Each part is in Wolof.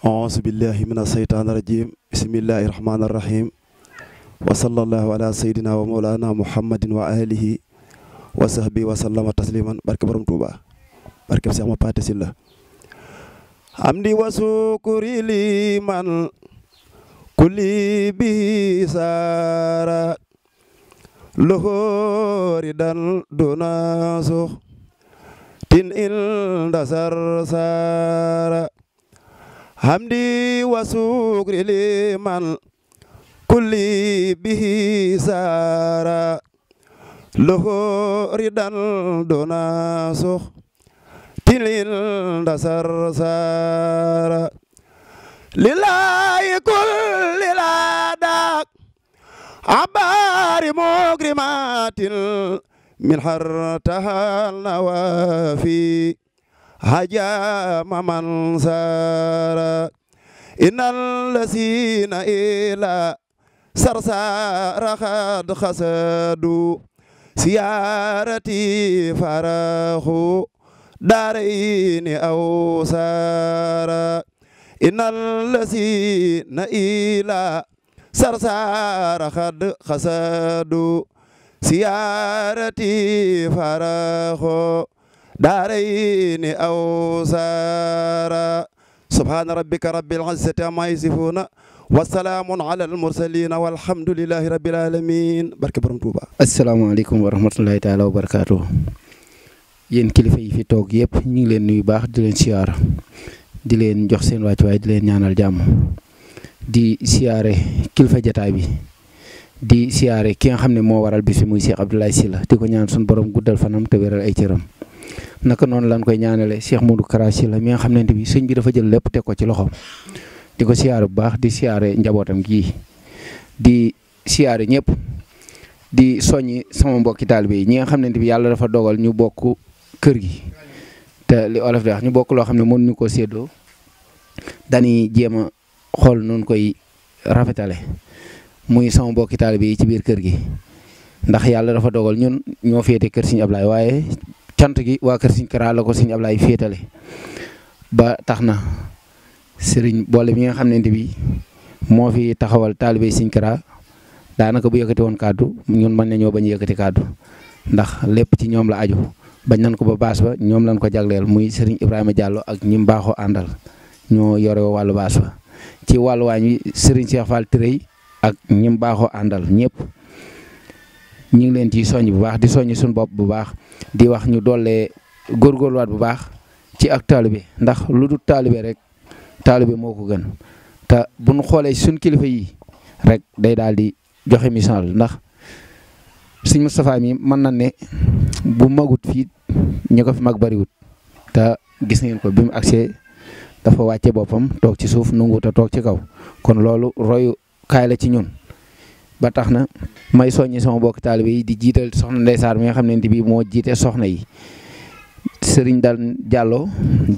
أعوذ بالله من الشيطان الرجيم بسم الله الرحمن الرحيم وصلى الله على سيدنا ومولانا محمد وآله وصحبه وسلم تسليما بارك برم توبا بارك في سيما باتس الله حمدي وسكر لمن كل بسارة لهور دان دوناسو تن إل دسر سارة hamdi wa sukri liman kulli bihi saara loho ridal dona sux tilil dasar saara lillahi kulli ladak abari mugrimatil min hartahal nawafi هجام من سار إن الذين إلى سرسار قد خسدوا سيارتي فرحوا دارين أو سار إن الذين إلى سرسار قد خسدوا سيارتي فرحوا دارين أوزارا سبحان ربك رب العزة عما يصفون وسلام على المرسلين والحمد لله رب العالمين بارك برم توبا السلام عليكم ورحمة الله تعالى وبركاته yéen kilifa yi fi toog yëpp ñu ngi leen nuyu baax di leen siyaar di leen jox seen wàccuwaay di leen ñaanal jàmm di siyaare kilifa jataay bi di siyaare ki nga xam ne moo waral bis bi muy Cheikh Abdoulaye Sylla di ko ñaan suñu borom guddal fanam te wéral ay cëram naka noonu lañ koy ñaanale Cheikh Modou Kara Sylla mi nga xam ne bi sëñ bi dafa jël lépp teg ko ci loxoom di ko siyaare bu baax di siyaare njabootam gi di siyaare ñëpp di soññi sama mbokki taalibe yi ñi nga xam ne bi yàlla dafa dogal ñu bokk kër gi te li olof di ñu bokk loo xam ne mënuñu ko séddoo dañuy jéem a xool nun koy rafetale muy sama mbokki taalibe yi ci biir kër gi ndax yàlla dafa dogal ñun ñoo féete kër Sëñ Ablaay waaye cant gi wa keur seigne Kara la seigne ablay Ablaye ba taxna seigne bolé mi bi nga xamné ne bi mo fi taxawal talibé seigne Kara daanaka bu yëkëti won kaddu ñun man nañoo bañ yëkëti kaddu ndax lepp ci ñom la aju bañ nan ko ba bass ba ñom lañ ko jaglél muy seigne Ibrahima Diallo ak ñim baaxo andal ñoo yore walu bass ba ci walu waañ seigne Cheikh Fall Tirey ak ñim baaxo andal ñepp ñu ngi leen ci soññ bu baax di soññ suñu bopp bu baax di wax ñu dollee góorgóorluwaat bu baax ci ak bi ndax lu dul bi rek taalu bi moo ko gën te bu ñu xoolee suñ kilifa yi rek day daal di joxe misaal ndax suñ Moustapha mi mën na ne bu magut fii ñi ko fi mag bariwut te gis ngeen ko bi mu agsee dafa wàcce boppam toog ci suuf nanguwut a toog ci kaw kon loolu royu kaay la ci ñun ba tax na may soññi sama bokk taalibe yi di jiital soxna ndeysaar mi nga xam ne bii moo jiite soxna yi sëriñ Daan jàlloo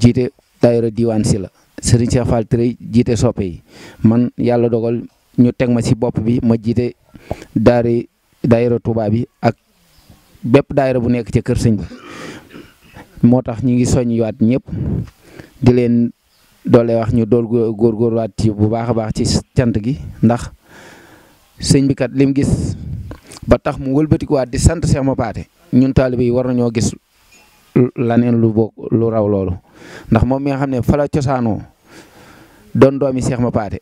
jiite daayira diwaan si la sëriñ Cheikh Fall jiite soppe yi man yàlla dogal ñu teg ma si bopp bi ma jiite daari daayira tubaab yi ak bépp daayira bu nekk ca kër sëñ bi moo tax ñu ngi soññ waat ñëpp di leen doole wax ñu dool góorgóorluwaat ci bu baax a baax ci cant gi ndax sëñ bi kat lim gis ba tax mu wëlbatikuwaat di sant ma paate ñun taalibe yi war nañoo gis laneen lu lu raw loolu ndax moom mi nga xam ne fa la cosaanoo doon doomi ma paate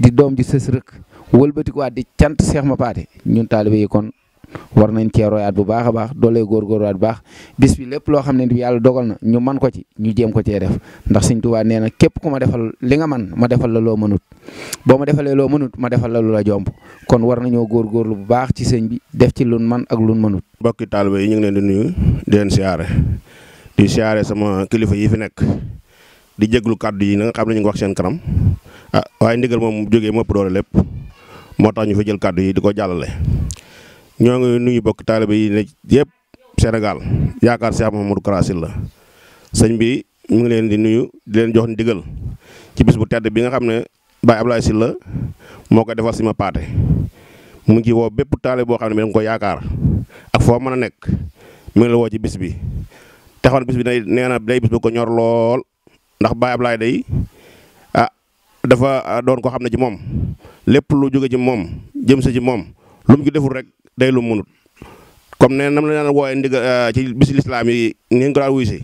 di doom ji sës rëkk wëlbatikuwaat di cant ma Mapaté ñun taalibe yi kon war nañ cee royaat bu baax a baax doolee góorgóorluwaat bu baax bis bi lépp loo xam ne yàlla dogal na ñu man ko ci ñu jéem ko cee def ndax Sëñ Tuubaa nee na képp ku ma defal li nga man ma defal la loo mënut boo ma defalee loo mënut ma defal la lu la jomb kon war nañoo góorgóorlu bu baax ci sëñ bi def ci lun man ak lun mënut mbokki taalibe yi ñu ngi leen di nuyu di leen siyaare di siyaare sama kilifa yi fi nekk di jéglu kàddu yi na xam ne wax seen kanam ah waaye ndigal moom jógee mopp doole lépp moo tax ñu fa jël kàddu yi di ko jàllale ñoo ngi nuyu bokk talibé yi ne yépp Sénégal yaakar Cheikh Mouhamadou Kara la sëñ bi mu ngi leen di nuyu di leen jox ndigal ci bis bu tedd bi nga xamné ne Baye Ablaye Sylla moo koy defal sima paté mu ngi wo woo talibé bo xamné xam ko yaakar ak fo mëna nek nekk mu ngi la woo ci bis bi taxaw bis bi day nee na day bis bu ko ñor lool ndax Baye Ablaye day ah dafa doon ko xam ci mom lepp lu joge ci mom jëm sa ci mom lu mu gi deful rek day lu munut comme nee nam la daan wooye euh, ci bisi lislaam yi ni ko daan wuy si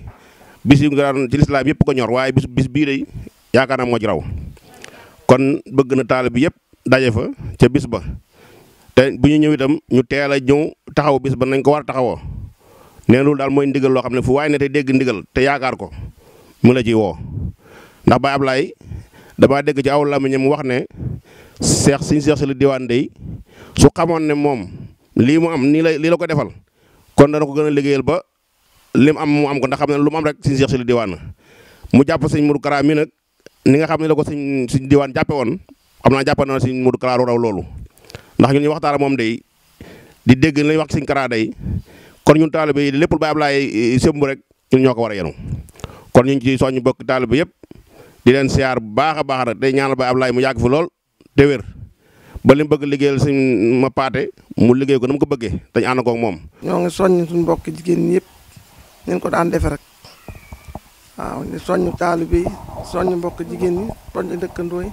bis yi ci lislaam yëpp ko ñor waaye bis bis bii day yaakaar naa moo ci raw bëgg na taal bi yëpp daje fa ca bis ba te bu ñu ñëw itam ñu teel a ñëw taxaw bis ba nañ ko war a taxawoo nee loolu daal mooy ndigal loo xam ne fu waaye ne tey dégg ndigal te yaakaar mu la ci woo ndax Baye dégg ci aw lamiñam wax ne seex suñu seex si la diwaan day su xamoon ne moom lii mu am nii lay lii la ko defal kon dana ko gën a liggéeyal ba li mu am mu am ko ndax xam ne lu am rek suñu Cheikh Saliou Diwane la mu jàpp sëñ Modou Kara mi nag ni nga xam ne la ko sëñ sëñ Diwane jàppe woon xam naa jàpp na sëñ Modou Kara raw loolu ndax ñun ñu waxtaan moom day di dégg lañuy wax sëñ Kara day kon ñun taalibe yi lépp lu Baay Ablaay eh, sëmb rek ñun ñoo ko war a yenu kon ñu ngi ci ñu bokk taalibe yëpp di leen siyaar bu baax a baax nag tey ñaanal Baay Ablaay mu yàgg lool te ba lim bëgg liggéeyal suñ ma paate mu liggéey ko na ko bëggee dañ ànd koog moom. ñoo ngi soññ suñu mbokk jigéen ñi ñen ko daan defe rek waaw ñu soññ taalibe yi soññ mbokk jigéen ñi soññ dëkkandoo yi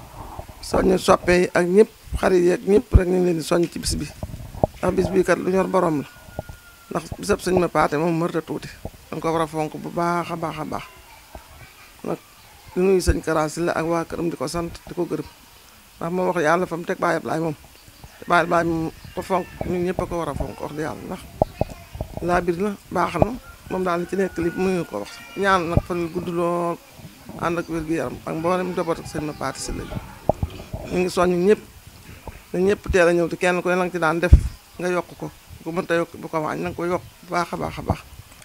soññ soppe yi ak ñëpp xarit yi ak ñëpp rek ñu leen di soññ ci bis bi ndax bis bi kat lu ñor borom la ndax bisab suñ ma paate moom mërta da tuuti dañ ko war a fonk bu baax a baax a baax nag di nuyu sëñ Kara la ak waa këram di ko sant di ko gërëm ndax moom wax yàlla fa mu teg Baye Ablaye moom te Baye Ablaye moom ko fonk ñun ñëpp a ko war a fonk wax di yàlla ndax laa bir na baax na moom daal ci nekk li mënuñu ko wax ñaan nag fan yu gudd lool ànd ak wér gu yaram ak mboolem njaboot ak seen ma paati si ñu ngi soññ ñëpp na ñëpp teel a ñëw kenn ku ne ci daan def nga yokk ko ku mënta yokk bu ko waañ na ko yokk bu baax baax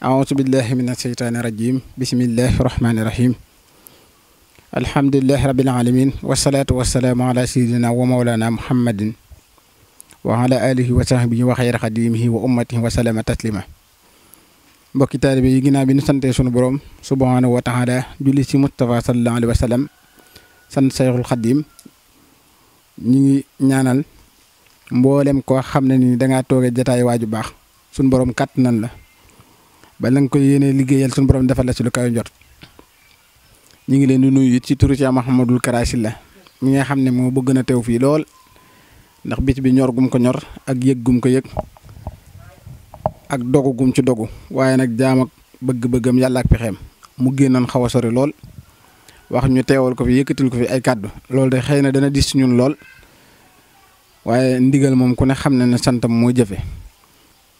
a billahi min asheytaani rajim bismillahi rahmaani rahim alhamdulilah rabil alamin wasalaatu wasalaamu ala sayidina wa mawlana muhammadin wa ala alihi wa sahbihi wa xayra xadimihi wa ummatihi wa salama taslima mbokki taalibe yi ginnaaw bi nu santee sunu borom subhanahu wa taala julli ci Mustafa sallallahu alayhi wa sallam sant Sayxul Xadim ñi ngi ñaanal mboolem koo xam ne ni dangaa toogee jataay waaju baax sunu borom kàtt nan la ba la nga koy yéene liggéeyal sunu borom defal la ci lu kaw njort ñu ngi leen di nuyu it ci turu ci Mouhamadul Karaasi la ñi nga xam ne moo bëgg na teew fii lool ndax bis bi ñor gum ko ñor ak yëg gum ko yëg ak dogu gum ci dogu waaye nag jaam ak bëgg-bëggam yàlla ak pexeem mu génnoon xaw a sori lool wax ñu teewal ko fi yëkkatil ko fi ay kàddu loolu de xëy na dana dis ñun lool waaye ndigal moom ku ne xam na ne santam moo jëfe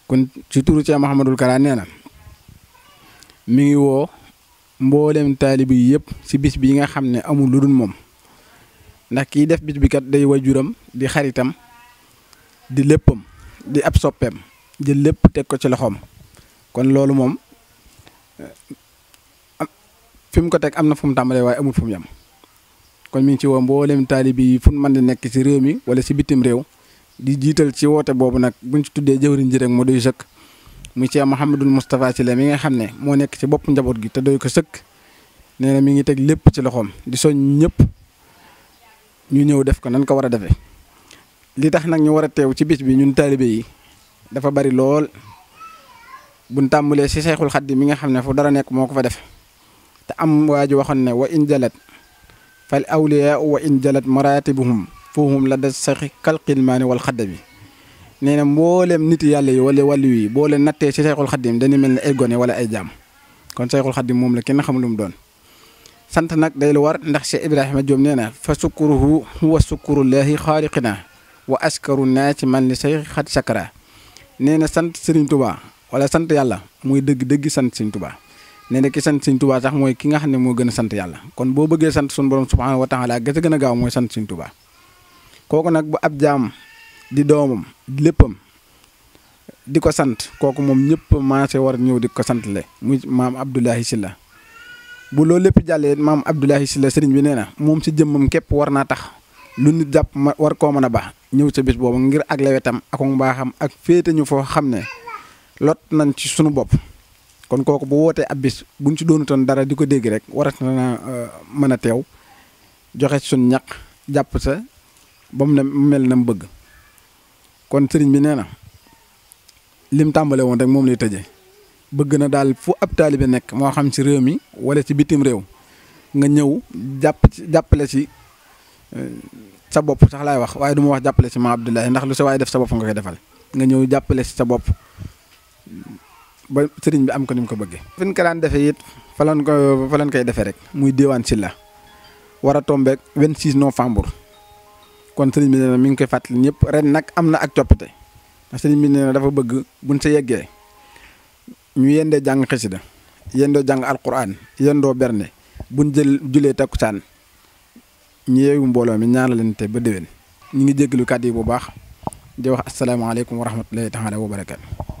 kon ci turu ci Mouhamadul Kara nee na mi ngi woo. mboolem taalibe yi yëpp si bis bi nga xam ne amul lu dul moom ndax kiy def bis bi kat day wajuram di xaritam di léppam di ab soppeem jël lépp teg ko ci loxoom kon loolu moom eh, fi mu ko teg am na fu mu tàmbalee waaye amul fu mu yem kon mi ci woo mboolem taalibe yi fu mu mën di nekk ci réew mi wala si bitim réew di jiital ci woote boobu nag buñ ci tuddee jëwriñ ji moo doy sëkk. mu Cheikh Mouhamadul Moustapha Sylla mi nga xam ne moo nekk ci bopp njaboot gi te doy ko sëkk nee na mi ngi teg lépp ci loxoom di soñ ñëpp ñu ñëw def ko nan ko war a defee. li tax nag ñu war a teew ci bis bi ñun taalibe yi dafa bari lool buñ tàmbalee si Seexul Xadiim mi nga xam ne fu dara nekk moo ko fa def te am waa ji waxoon ne wa in jalat fal awliyaa wa in jalat maratibuhum foohum la des saxi kalqilmaani wal xadda bi nee mbolem nit yàlla yi wala walu yi bo leen nattee ci cheikhul khadim dañu melni ay gone wala ay jam kon cheikhul khadim mom la kenn xam lu mu doon. sant nak day lu war ndax Cheikh Ibrahima Diop nee fa sukkuruhu huwa llahi khaliqina wa askaru nati man li cheikh xat sakara nee sant Serigne Touba wala sant yàlla muy deug deug sant Serigne Touba nee ki sant Serigne Touba sax moy ki nga xamne mo moo sant yàlla kon bo bëggee sant sun borom subhanahu wa taala ga sa gaaw moy sant Serigne Touba koko nak bu ab jaam di doomam léppam di ko sant kooku moom ñëpp maase war ñëw di ko sant le muy maam Abdoulaye Sylla bu loolu lépp jàllee maam Abdoulaye Sylla sëriñ bi nee na moom si jëmmam képp war naa tax lu nit jàpp ma war koo mën a baax ñëw sa bis boobu ngir ak lewetam ak baaxam ak féete ñu foo xam ne lot nañ ci sunu bopp kon kooku bu wootee ab bis buñ ci doonutoon dara di ko dégg rek warat na uh, mën a teew joxe suñ ñaq jàpp sa ba mu mel na mu bëgg kon sëriñ bi nee na lim tàmbale woon rek moom lay tëjee bëgg na daal fu ab taalibe nekk moo xam si réew mi wala si bitim réew nga ñëw jàpp ci jàppale si euh, sa bopp sax laay wax waaye du ma wax jàppale ci ma Abdoulaye ndax lu sa waaye def sa bopp nga koy defal nga ñëw jàppale si sa bopp ba sëriñ bi am ko ni mu ko bëggee. fi ñu ko daan defee it fa lañ ko fa koy defee rek muy diwaan si la wara war a tombé 26 novembre. kon sëriñ bi nee na mi ngi koy fàttali ñëpp ren nag am na ak coppite ndax bi nee dafa bëgg buñ sa yeggee ñu yendee jàng xasida yendoo jàng alquran yendoo berne buñ jël julee takkusaan ñu yeewu mbooloo mi ñaanalante ba déwén ñu ngi jégalu kàddu bu baax di wax asalaamaaleykum wa rahmatulahi taala wa